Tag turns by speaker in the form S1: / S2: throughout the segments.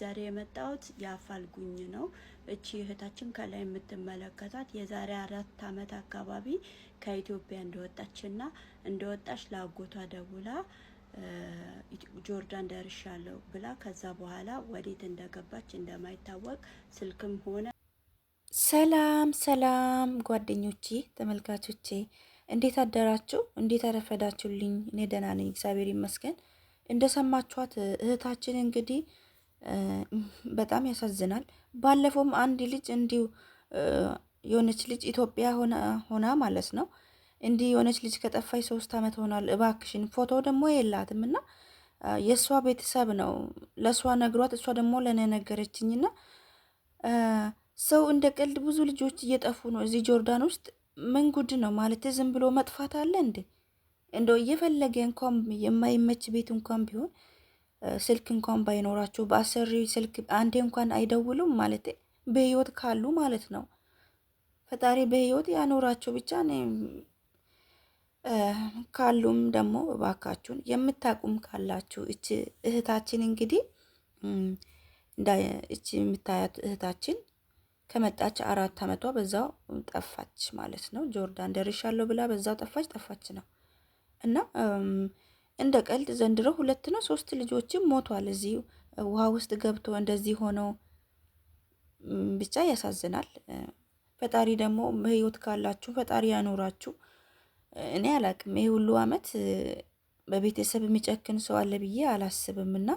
S1: ዛሬ የመጣሁት የአፋልጉኝ ነው። እቺ እህታችን ከላይ የምትመለከታት የዛሬ አራት አመት አካባቢ ከኢትዮጵያ እንደወጣችና እንደወጣች ለአጎቷ ደውላ ጆርዳን ደርሻለሁ ብላ ከዛ በኋላ ወዴት እንደገባች እንደማይታወቅ ስልክም ሆነ
S2: ሰላም ሰላም ጓደኞቼ ተመልካቾቼ እንዴት አደራችሁ? እንዴት አረፈዳችሁልኝ? እኔ ደህና ነኝ፣ እግዚአብሔር ይመስገን። እንደሰማችኋት እህታችን እንግዲህ በጣም ያሳዝናል። ባለፈውም አንድ ልጅ እንዲሁ የሆነች ልጅ ኢትዮጵያ ሆና ማለት ነው እንዲህ የሆነች ልጅ ከጠፋች ሶስት ዓመት ሆኗል፣ እባክሽን ፎቶ ደግሞ የላትም እና የእሷ ቤተሰብ ነው ለእሷ ነግሯት፣ እሷ ደግሞ ለእኔ ነገረችኝና ሰው እንደ ቀልድ ብዙ ልጆች እየጠፉ ነው እዚህ ጆርዳን ውስጥ። ምን ጉድ ነው ማለት ዝም ብሎ መጥፋት አለ እንዴ? እንደው እየፈለገ እንኳን የማይመች ቤት እንኳን ቢሆን ስልክ እንኳን ባይኖራቸው በአሰሪ ስልክ አንዴ እንኳን አይደውሉም ማለት በህይወት ካሉ ማለት ነው። ፈጣሪ በህይወት ያኖራቸው ብቻ ካሉም ደግሞ እባካችሁን የምታቁም ካላችሁ እች እህታችን እንግዲህ እች የምታያት እህታችን ከመጣች አራት ዓመቷ በዛው ጠፋች ማለት ነው። ጆርዳን ደርሻለሁ ብላ በዛው ጠፋች ጠፋች ነው እና እንደ ቀልድ ዘንድሮ ሁለት ነው ሶስት ልጆችም ሞቷል። እዚህ ውሃ ውስጥ ገብቶ እንደዚህ ሆነው ብቻ ያሳዝናል። ፈጣሪ ደግሞ ህይወት ካላችሁ ፈጣሪ ያኖራችሁ። እኔ አላቅም ይሄ ሁሉ አመት በቤተሰብ የሚጨክን ሰው አለ ብዬ አላስብም። እና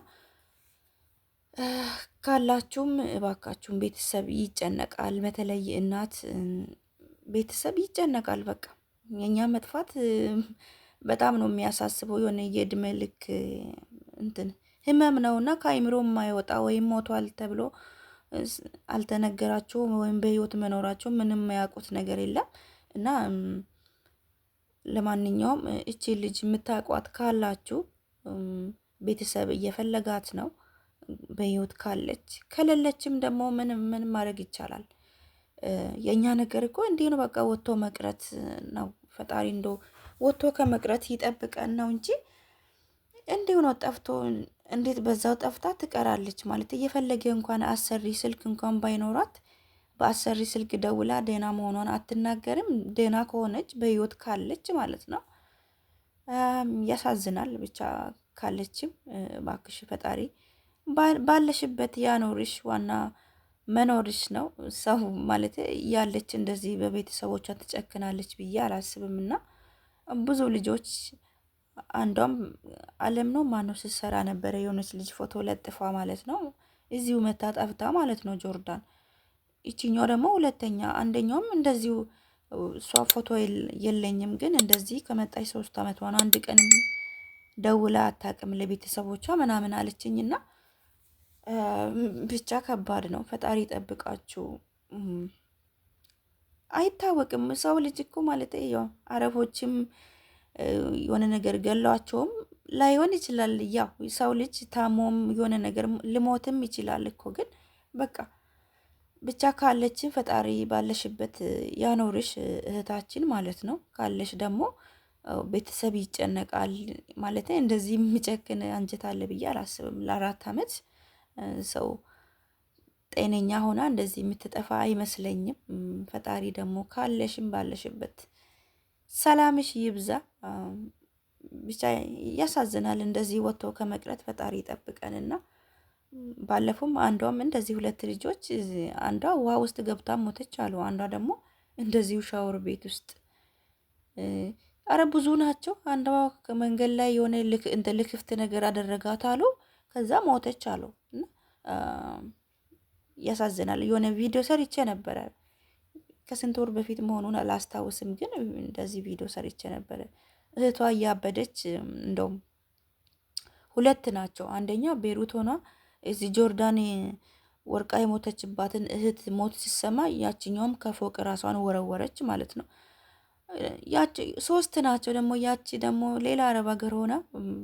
S2: ካላችሁም እባካችሁም ቤተሰብ ይጨነቃል። በተለይ እናት ቤተሰብ ይጨነቃል። በቃ የእኛ መጥፋት በጣም ነው የሚያሳስበው። የሆነ የእድሜ ልክ እንትን ህመም ነው እና ከአይምሮ የማይወጣ ወይም ሞቷል ተብሎ አልተነገራቸው ወይም በህይወት መኖራቸው ምንም የማያውቁት ነገር የለም እና ለማንኛውም እቺ ልጅ የምታውቋት ካላችሁ ቤተሰብ እየፈለጋት ነው በህይወት ካለች፣ ከሌለችም ደግሞ ምን ምን ማድረግ ይቻላል? የእኛ ነገር እኮ እንዲህ ነው፣ በቃ ወጥቶ መቅረት ነው። ፈጣሪ እንደው ወጥቶ ከመቅረት ይጠብቀን ነው እንጂ እንዲሁ ነው ጠፍቶ እንዴት በዛው ጠፍታ ትቀራለች ማለት እየፈለገ እንኳን አሰሪ ስልክ እንኳን ባይኖራት በአሰሪ ስልክ ደውላ ደህና መሆኗን አትናገርም። ደህና ከሆነች በህይወት ካለች ማለት ነው። ያሳዝናል። ብቻ ካለችም ባክሽ ፈጣሪ ባለሽበት ያኖርሽ። ዋና መኖርሽ ነው። ሰው ማለት ያለች እንደዚህ በቤተሰቦቿ ትጨክናለች ብዬ አላስብም እና ብዙ ልጆች አንዷም አለም ነው ማነው ስትሰራ ነበረ የሆነች ልጅ ፎቶ ለጥፋ ማለት ነው እዚሁ መታ ጠፍታ ማለት ነው ጆርዳን። ይችኛው ደግሞ ሁለተኛ፣ አንደኛውም እንደዚሁ እሷ ፎቶ የለኝም ግን እንደዚህ ከመጣች ሶስት አመት ሆነ። አንድ ቀን ደውላ አታውቅም ለቤተሰቦቿ ምናምን አለችኝና ብቻ ከባድ ነው። ፈጣሪ ጠብቃችሁ አይታወቅም። ሰው ልጅ እኮ ማለት ያው አረቦችም የሆነ ነገር ገሏቸውም ላይሆን ይችላል። ያው ሰው ልጅ ታሞም የሆነ ነገር ልሞትም ይችላል እኮ ግን በቃ ብቻ ካለችን ፈጣሪ ባለሽበት ያኖርሽ እህታችን ማለት ነው። ካለሽ ደግሞ ቤተሰብ ይጨነቃል ማለት እንደዚህ የሚጨክን አንጀት አለ ብዬ አላስብም። ለአራት አመት ሰው ጤነኛ ሆና እንደዚህ የምትጠፋ አይመስለኝም። ፈጣሪ ደግሞ ካለሽም ባለሽበት ሰላምሽ ይብዛ። ብቻ ያሳዝናል እንደዚህ ወጥቶ ከመቅረት ፈጣሪ ይጠብቀንና ባለፉም አንዷም እንደዚህ ሁለት ልጆች አንዷ ውሃ ውስጥ ገብታ ሞተች አሉ። አንዷ ደግሞ እንደዚሁ ሻወር ቤት ውስጥ አረ ብዙ ናቸው። አንዷ መንገድ ላይ የሆነ እንደ ልክፍት ነገር አደረጋት አሉ። ከዛ ሞተች አሉ እና ያሳዝናል። የሆነ ቪዲዮ ሰርቼ ነበረ ከስንት ወር በፊት መሆኑን አላስታውስም፣ ግን እንደዚህ ቪዲዮ ሰርቼ ነበረ። እህቷ እያበደች እንደውም ሁለት ናቸው። አንደኛ ቤሩት ሆና እዚህ ጆርዳን ወርቃ የሞተችባትን እህት ሞት ሲሰማ ያችኛውም ከፎቅ ራሷን ወረወረች ማለት ነው። ያቺ ሶስት ናቸው ደግሞ ያቺ ደግሞ ሌላ አረብ ሀገር ሆና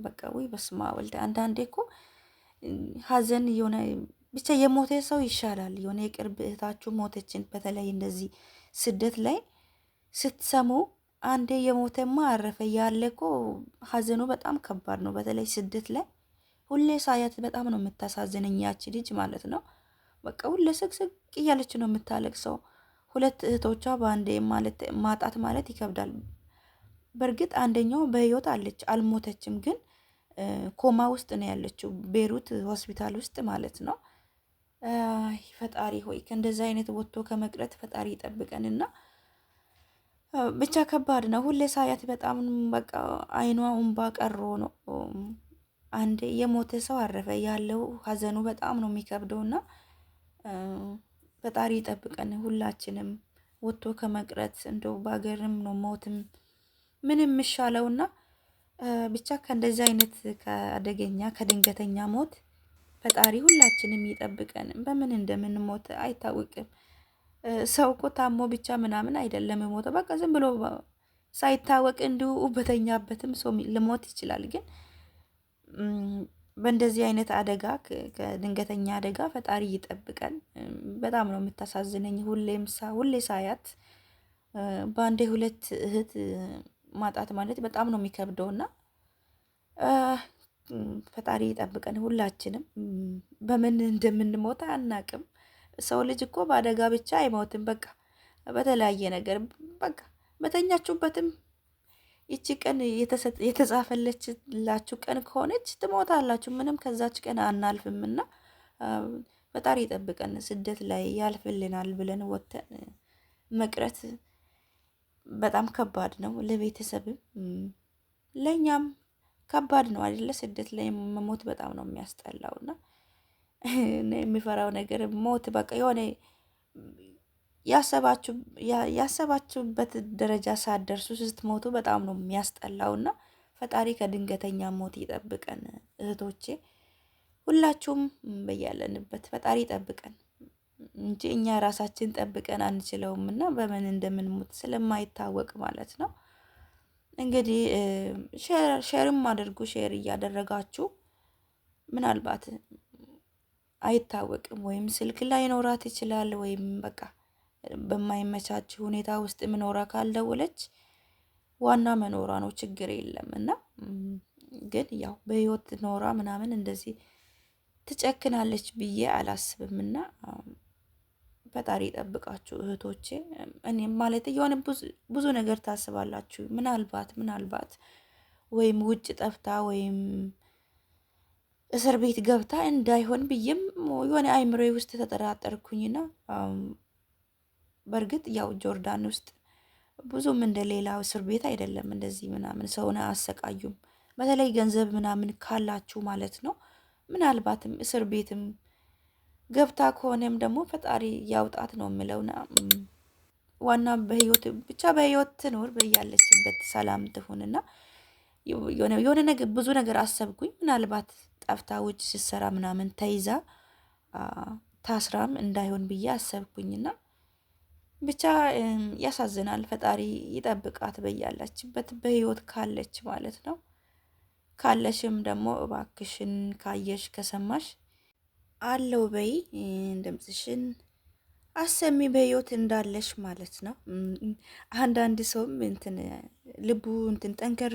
S2: በቃ ወይ በስማ ወልደ አንዳንዴ እኮ ሀዘን የሆነ ብቻ የሞተ ሰው ይሻላል። የሆነ የቅርብ እህታችሁ ሞተችን። በተለይ እንደዚህ ስደት ላይ ስትሰሙ አንዴ የሞተማ አረፈ ያለ እኮ ሀዘኑ በጣም ከባድ ነው። በተለይ ስደት ላይ ሁሌ ሳያት በጣም ነው የምታሳዝነኝ ልጅ ማለት ነው። በቃ ሁሌ ስቅስቅ እያለች ነው የምታለቅሰው። ሁለት እህቶቿ በአንዴ ማጣት ማለት ይከብዳል። በእርግጥ አንደኛው በህይወት አለች አልሞተችም፣ ግን ኮማ ውስጥ ነው ያለችው ቤሩት ሆስፒታል ውስጥ ማለት ነው። ፈጣሪ ሆይ ከእንደዚህ አይነት ወጥቶ ከመቅረት ፈጣሪ ይጠብቀን እና ብቻ ከባድ ነው። ሁሌ ሳያት በጣም በቃ አይኗ እምባ ቀሮ ነው። አንድ የሞተ ሰው አረፈ ያለው ሀዘኑ በጣም ነው የሚከብደው እና ፈጣሪ ይጠብቀን ሁላችንም ወጥቶ ከመቅረት እንደው በሀገርም ነው ሞትም ምንም የሚሻለውና ብቻ ከእንደዚህ አይነት ከአደገኛ ከድንገተኛ ሞት ፈጣሪ ሁላችንም ይጠብቀን። በምን እንደምንሞት አይታወቅም። ሰው እኮ ታሞ ብቻ ምናምን አይደለም ሞተ በቃ ዝም ብሎ ሳይታወቅ እንዲሁ በተኛበትም ሰው ልሞት ይችላል። ግን በእንደዚህ አይነት አደጋ ከድንገተኛ አደጋ ፈጣሪ ይጠብቀን። በጣም ነው የምታሳዝነኝ። ሁሌም ሳ ሁሌ ሳያት በአንዴ ሁለት እህት ማጣት ማለት በጣም ነው የሚከብደውና ፈጣሪ ይጠብቀን ሁላችንም። በምን እንደምንሞት አናቅም። ሰው ልጅ እኮ በአደጋ ብቻ አይሞትም። በቃ በተለያየ ነገር በቃ በተኛችሁበትም ይቺ ቀን የተጻፈለችላችሁ ቀን ከሆነች ትሞታላችሁ። ምንም ከዛች ቀን አናልፍም እና ፈጣሪ ይጠብቀን። ስደት ላይ ያልፍልናል ብለን ወተን መቅረት በጣም ከባድ ነው፣ ለቤተሰብም ለእኛም ከባድ ነው አይደለ? ስደት ላይ መሞት በጣም ነው የሚያስጠላው። እና የሚፈራው ነገር ሞት በቃ የሆነ ያሰባችሁበት ደረጃ ሳደርሱ ስትሞቱ በጣም ነው የሚያስጠላው። እና ፈጣሪ ከድንገተኛ ሞት ይጠብቀን እህቶቼ፣ ሁላችሁም በያለንበት ፈጣሪ ይጠብቀን እንጂ እኛ ራሳችን ጠብቀን አንችለውም እና በምን እንደምንሞት ስለማይታወቅ ማለት ነው። እንግዲህ ሼርም አድርጉ። ሼር እያደረጋችሁ ምናልባት አይታወቅም ወይም ስልክ ላይ ኖራት ይችላል ወይም በቃ በማይመቻች ሁኔታ ውስጥ ምኖራ ካልደውለች ዋና መኖሯ ነው፣ ችግር የለም እና ግን ያው በህይወት ኖራ ምናምን እንደዚህ ትጨክናለች ብዬ አላስብም እና ፈጣሪ ይጠብቃችሁ እህቶቼ። እኔም ማለት የሆነ ብዙ ነገር ታስባላችሁ። ምናልባት ምናልባት ወይም ውጭ ጠፍታ ወይም እስር ቤት ገብታ እንዳይሆን ብዬም የሆነ አይምሮ ውስጥ ተጠራጠርኩኝና በእርግጥ ያው ጆርዳን ውስጥ ብዙም እንደ እስር ቤት አይደለም። እንደዚህ ምናምን ሰውን አያሰቃዩም። በተለይ ገንዘብ ምናምን ካላችሁ ማለት ነው ምናልባትም እስር ቤትም ገብታ ከሆነም ደግሞ ፈጣሪ ያውጣት ነው የምለውና ዋና በህይወት ብቻ በህይወት ትኖር በያለችበት ሰላም ትሁንና የሆነ ነገር ብዙ ነገር አሰብኩኝ። ምናልባት ጠፍታ ውጭ ስትሰራ ምናምን ተይዛ ታስራም እንዳይሆን ብዬ አሰብኩኝና ብቻ ያሳዝናል። ፈጣሪ ይጠብቃት በያለችበት በህይወት ካለች ማለት ነው። ካለሽም ደግሞ እባክሽን ካየሽ ከሰማሽ አለው በይ ድምፅሽን አሰሚ በህይወት እንዳለሽ ማለት ነው። አንዳንድ ሰውም እንትን ልቡ እንትን ጠንከር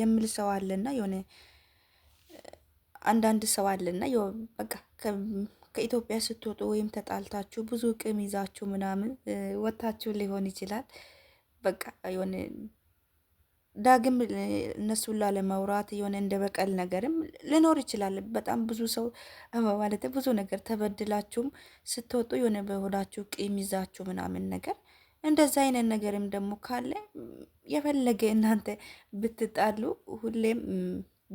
S2: የሚል ሰው አለና የሆነ አንዳንድ ሰው አለና በቃ ከኢትዮጵያ ስትወጡ ወይም ተጣልታችሁ ብዙ ቅም ይዛችሁ ምናምን ወታችሁ ሊሆን ይችላል። በቃ የሆነ ዳግም እነሱን ላለመውራት የሆነ እንደ በቀል ነገርም ልኖር ይችላል። በጣም ብዙ ሰው ማለት ብዙ ነገር ተበድላችሁም ስትወጡ የሆነ በሆዳችሁ ቂም ይዛችሁ ምናምን ነገር እንደዛ አይነት ነገርም ደግሞ ካለ የፈለገ እናንተ ብትጣሉ ሁሌም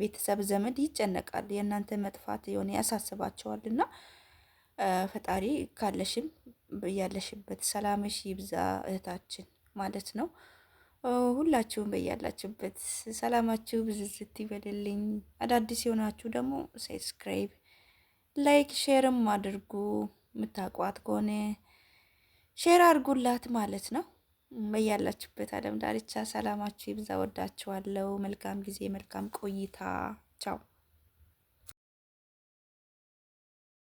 S2: ቤተሰብ ዘመድ ይጨነቃል። የእናንተ መጥፋት የሆነ ያሳስባቸዋል። እና ፈጣሪ ካለሽም ያለሽበት ሰላምሽ ይብዛ እህታችን ማለት ነው። ሁላችሁም በያላችሁበት ሰላማችሁ ብዝዝት ይበልልኝ። አዳዲስ የሆናችሁ ደግሞ ሰብስክራይብ፣ ላይክ፣ ሼርም አድርጉ። የምታቋት ከሆነ ሼር አድርጉላት ማለት ነው። በያላችሁበት ዓለም ዳርቻ ሰላማችሁ ይብዛ። ወዳችኋለሁ። መልካም ጊዜ፣ መልካም ቆይታ። ቻው